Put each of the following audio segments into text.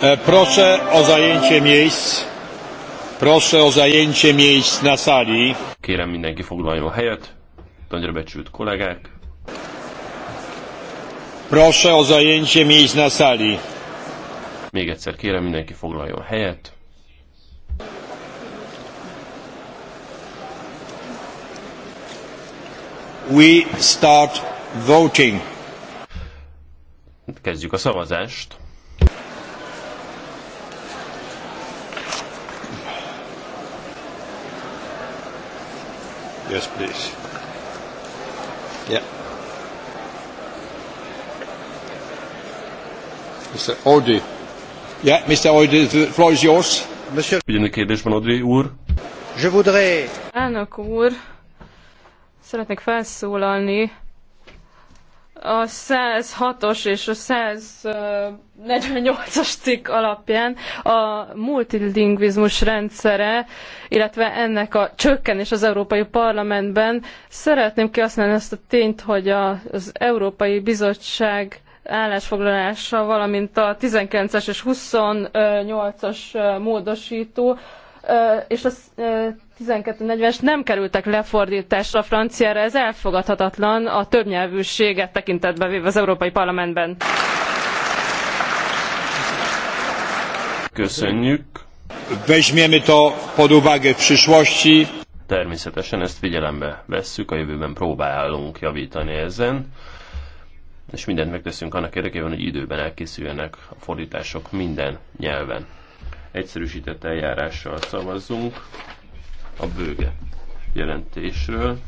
a e, Proszę o zajęcie miejsc. Proszę o zajęcie miejsc na sali. Kérem mindenki foglaljon helyet. Nagyra becsült kollégák. Proszę o zajęcie miejsc na sali. Még egyszer kérem, mindenki foglaljon helyet. We start voting. Kezdjük a szavazást. Yes, please. Yeah. Mr. Audi. Mr. Audi, the floor is yours. Monsieur... Ugyanik kérdésben, Audrey úr. Je voudrais... Elnök úr, szeretnék felszólalni a 106-os és a 148-as cikk alapján a multilingvizmus rendszere, illetve ennek a csökkenés az Európai Parlamentben. Szeretném kihasználni ezt a tényt, hogy az Európai Bizottság állásfoglalása, valamint a 19-es és 28-as módosító, és a 1240-es nem kerültek lefordításra franciára, ez elfogadhatatlan a többnyelvűséget tekintetbe véve az Európai Parlamentben. Köszönjük. Weźmiemy to pod uwagę w przyszłości. Természetesen ezt figyelembe vesszük, a jövőben próbálunk javítani ezen és mindent megteszünk annak érdekében, hogy időben elkészüljenek a fordítások minden nyelven. Egyszerűsített eljárással szavazzunk a bőge jelentésről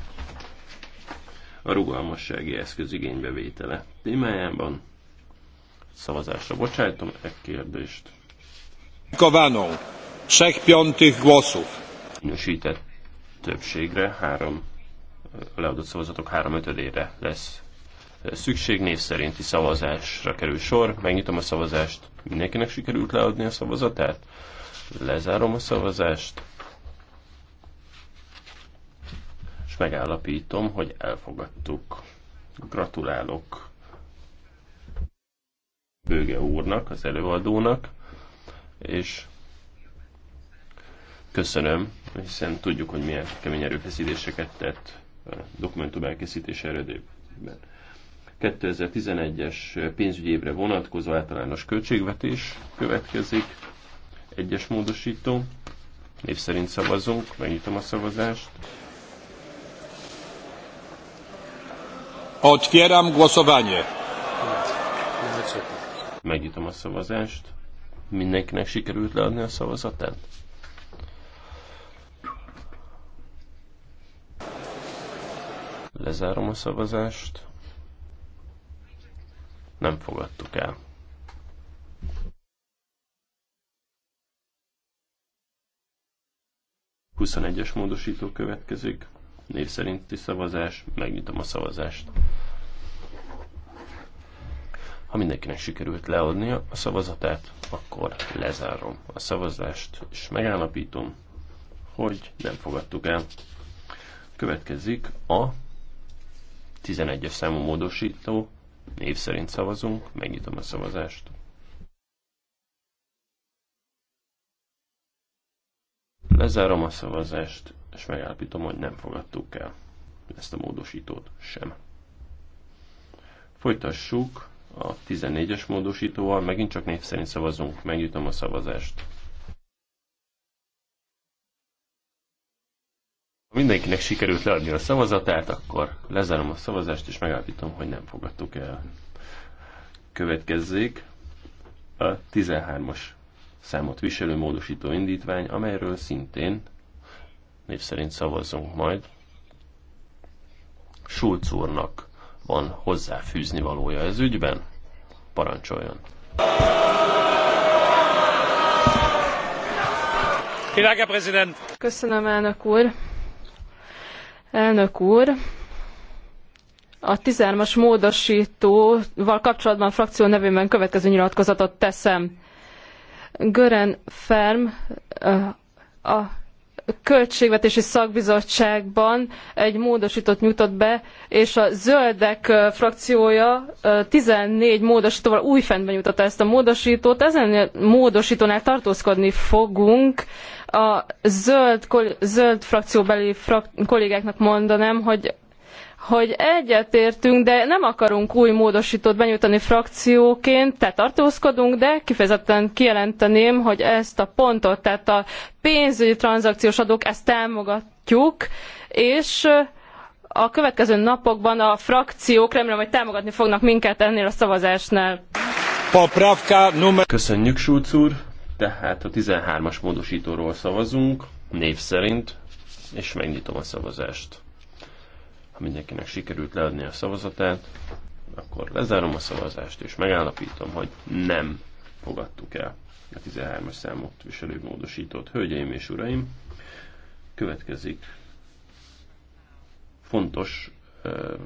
a rugalmassági eszköz igénybevétele témájában. Szavazásra bocsájtom e kérdést. Kavánó, Csekpjantik piątych Minősített többségre, három leadott szavazatok három ötödére lesz szükség név szerinti szavazásra kerül sor. Megnyitom a szavazást. Mindenkinek sikerült leadni a szavazatát? Lezárom a szavazást. És megállapítom, hogy elfogadtuk. Gratulálok Bőge úrnak, az előadónak, és köszönöm, hiszen tudjuk, hogy milyen kemény erőfeszítéseket tett a dokumentum elkészítése erődében. 2011-es pénzügyi évre vonatkozó általános költségvetés következik. Egyes módosító. Név szerint szavazunk. Megnyitom a szavazást. Otwieram głosowanie. Megnyitom a szavazást. Mindenkinek sikerült leadni a szavazatát? Lezárom a szavazást nem fogadtuk el. es módosító következik. Név szerinti szavazás. Megnyitom a szavazást. Ha mindenkinek sikerült leadnia a szavazatát, akkor lezárom a szavazást, és megállapítom, hogy nem fogadtuk el. Következik a 11-es számú módosító Név szerint szavazunk, megnyitom a szavazást. Lezárom a szavazást, és megállapítom, hogy nem fogadtuk el ezt a módosítót sem. Folytassuk a 14-es módosítóval, megint csak név szerint szavazunk, megnyitom a szavazást. mindenkinek sikerült leadni a szavazatát, akkor lezárom a szavazást, és megállapítom, hogy nem fogadtuk el. Következzék a 13-as számot viselő módosító indítvány, amelyről szintén név szerint szavazzunk majd. Schulz úrnak van hozzáfűzni valója ez ügyben? Parancsoljon! Köszönöm, elnök úr! Elnök úr, a 13-as módosítóval kapcsolatban a frakció nevében következő nyilatkozatot teszem. Gören Ferm a költségvetési szakbizottságban egy módosított nyújtott be, és a zöldek frakciója 14 módosítóval újfent benyújtotta ezt a módosítót. Ezen a módosítónál tartózkodni fogunk. A zöld, zöld frakcióbeli frak, kollégáknak mondanám, hogy hogy egyetértünk, de nem akarunk új módosítót benyújtani frakcióként, tehát tartózkodunk, de kifejezetten kijelenteném, hogy ezt a pontot, tehát a pénzügyi tranzakciós adók, ezt támogatjuk, és a következő napokban a frakciók remélem, hogy támogatni fognak minket ennél a szavazásnál. Köszönjük, Schulz úr! Tehát a 13-as módosítóról szavazunk, név szerint, és megnyitom a szavazást. Ha mindenkinek sikerült leadni a szavazatát, akkor lezárom a szavazást, és megállapítom, hogy nem fogadtuk el a 13-as számot viselő módosítót. Hölgyeim és uraim, következik fontos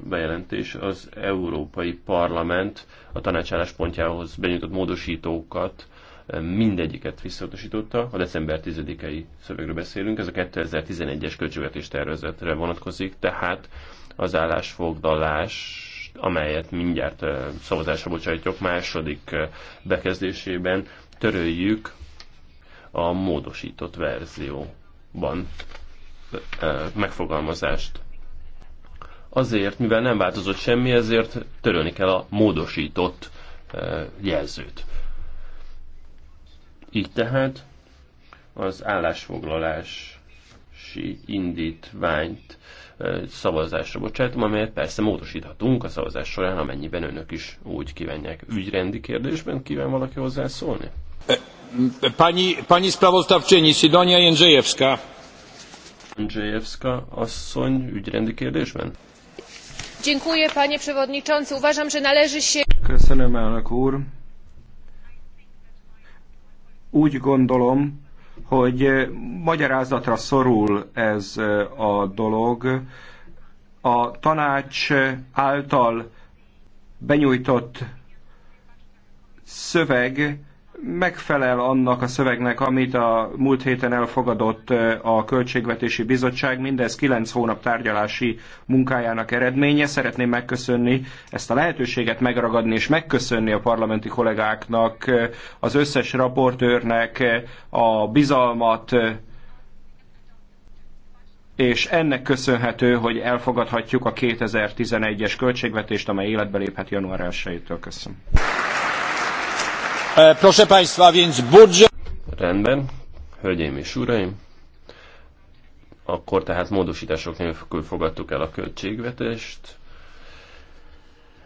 bejelentés az Európai Parlament a tanácsállás pontjához benyújtott módosítókat mindegyiket visszautasította. A december 10-i szövegről beszélünk, ez a 2011-es költségvetés tervezetre vonatkozik, tehát az állásfoglalás amelyet mindjárt szavazásra bocsájtjuk, második bekezdésében töröljük a módosított verzióban megfogalmazást. Azért, mivel nem változott semmi, ezért törölni kell a módosított jelzőt. Így tehát az állásfoglalási indítványt szavazásra bocsátom, amelyet persze módosíthatunk a szavazás során, amennyiben önök is úgy kívánják. Ügyrendi kérdésben kíván valaki hozzászólni? Pani, pani sprawozdawczyni Sidonia Jędrzejewska. Jędrzejewska asszony ügyrendi kérdésben? Dziękuję, panie przewodniczący. Uważam, że należy się... Köszönöm, elnök úr. Úgy gondolom, hogy magyarázatra szorul ez a dolog. A tanács által benyújtott szöveg megfelel annak a szövegnek, amit a múlt héten elfogadott a Költségvetési Bizottság, mindez kilenc hónap tárgyalási munkájának eredménye. Szeretném megköszönni ezt a lehetőséget megragadni, és megköszönni a parlamenti kollégáknak, az összes raportőrnek a bizalmat, és ennek köszönhető, hogy elfogadhatjuk a 2011-es költségvetést, amely életbe léphet január 1-től. Köszönöm. E, proszę Państwa, więc budżet... Rendben, hölgyeim és uraim, akkor tehát módosítások nélkül fogadtuk el a költségvetést.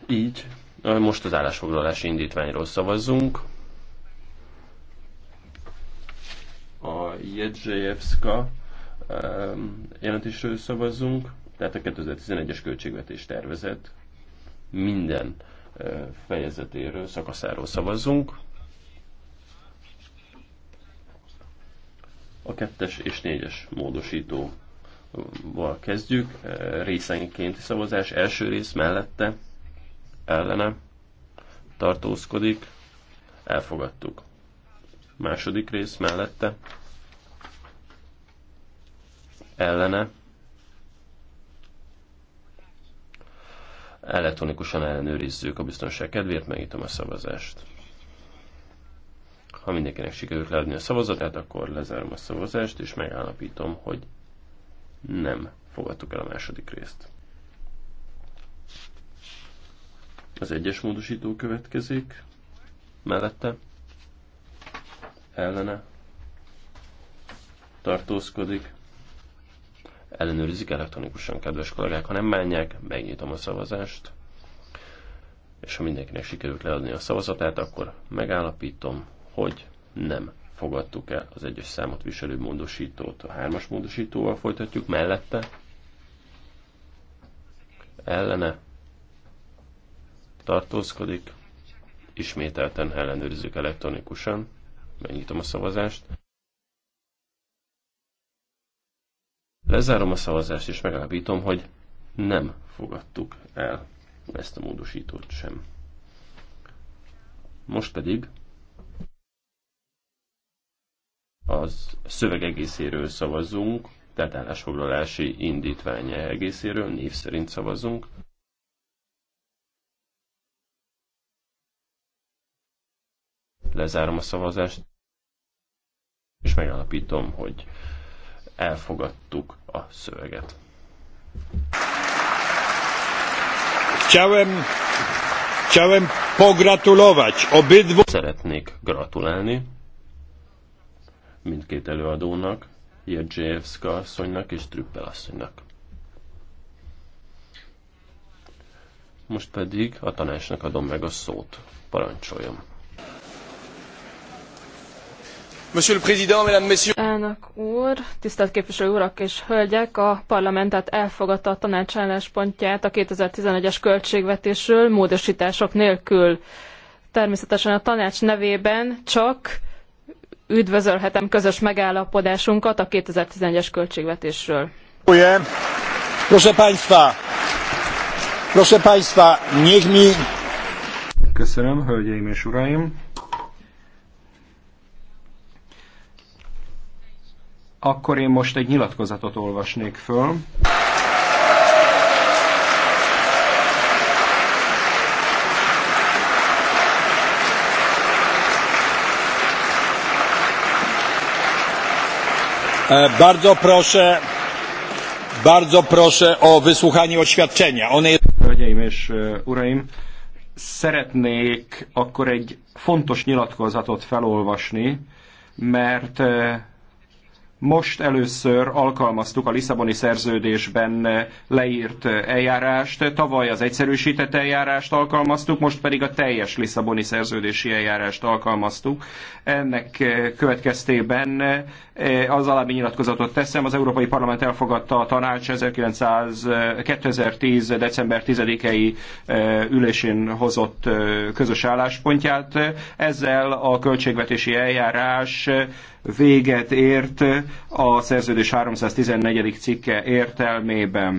Így, e, most az állásfoglalási indítványról szavazzunk. A Jedzsejewska e, jelentésről szavazzunk, tehát a 2011-es költségvetés tervezet minden fejezetéről, szakaszáról szavazzunk. kettes és négyes módosítóval kezdjük. E, Részenkénti szavazás. Első rész mellette, ellene tartózkodik. Elfogadtuk. Második rész mellette, ellene elektronikusan ellenőrizzük a biztonság kedvéért, megítom a szavazást. Ha mindenkinek sikerült leadni a szavazatát, akkor lezárom a szavazást, és megállapítom, hogy nem fogadtuk el a második részt. Az egyes módosító következik, mellette, ellene, tartózkodik, ellenőrizik elektronikusan, kedves kollégák, ha nem bánják, megnyitom a szavazást, és ha mindenkinek sikerült leadni a szavazatát, akkor megállapítom, hogy nem fogadtuk el az egyes számot viselő módosítót. A hármas módosítóval folytatjuk mellette. Ellene tartózkodik. Ismételten ellenőrizzük elektronikusan. Megnyitom a szavazást. Lezárom a szavazást, és megállapítom, hogy nem fogadtuk el ezt a módosítót sem. Most pedig az szöveg egészéről szavazzunk, tehát állásfoglalási indítványa egészéről, név szerint szavazzunk. Lezárom a szavazást, és megállapítom, hogy elfogadtuk a szöveget. Chciałem, chciałem pogratulować obydwu. Szeretnék gratulálni mindkét előadónak, Jedzsejewska asszonynak és Trüppel asszonynak. Most pedig a tanácsnak adom meg a szót. Parancsoljon! Monsieur le Président, Mesdames, Messieurs! Elnök úr, tisztelt képviselő urak és hölgyek! A parlamentet elfogadta a tanács álláspontját a 2011-es költségvetésről módosítások nélkül. Természetesen a tanács nevében csak üdvözölhetem közös megállapodásunkat a 2011-es költségvetésről. Proszę Państwa, proszę Państwa, niech mi... Köszönöm, hölgyeim és uraim. Akkor én most egy nyilatkozatot olvasnék föl. E, bardzo proszę, bardzo proszę o wysłuchanie oświadczenia. One jest... Hölgyeim és e, uraim, szeretnék akkor egy fontos nyilatkozatot felolvasni, mert e, most először alkalmaztuk a Lisszaboni szerződésben leírt eljárást, tavaly az egyszerűsített eljárást alkalmaztuk, most pedig a teljes Lisszaboni szerződési eljárást alkalmaztuk. Ennek következtében eh, az alábbi nyilatkozatot teszem, az Európai Parlament elfogadta a tanács 1900, 2010. december 10-i eh, ülésén hozott eh, közös álláspontját. Ezzel a költségvetési eljárás véget ért a szerződés 314. cikke értelmében.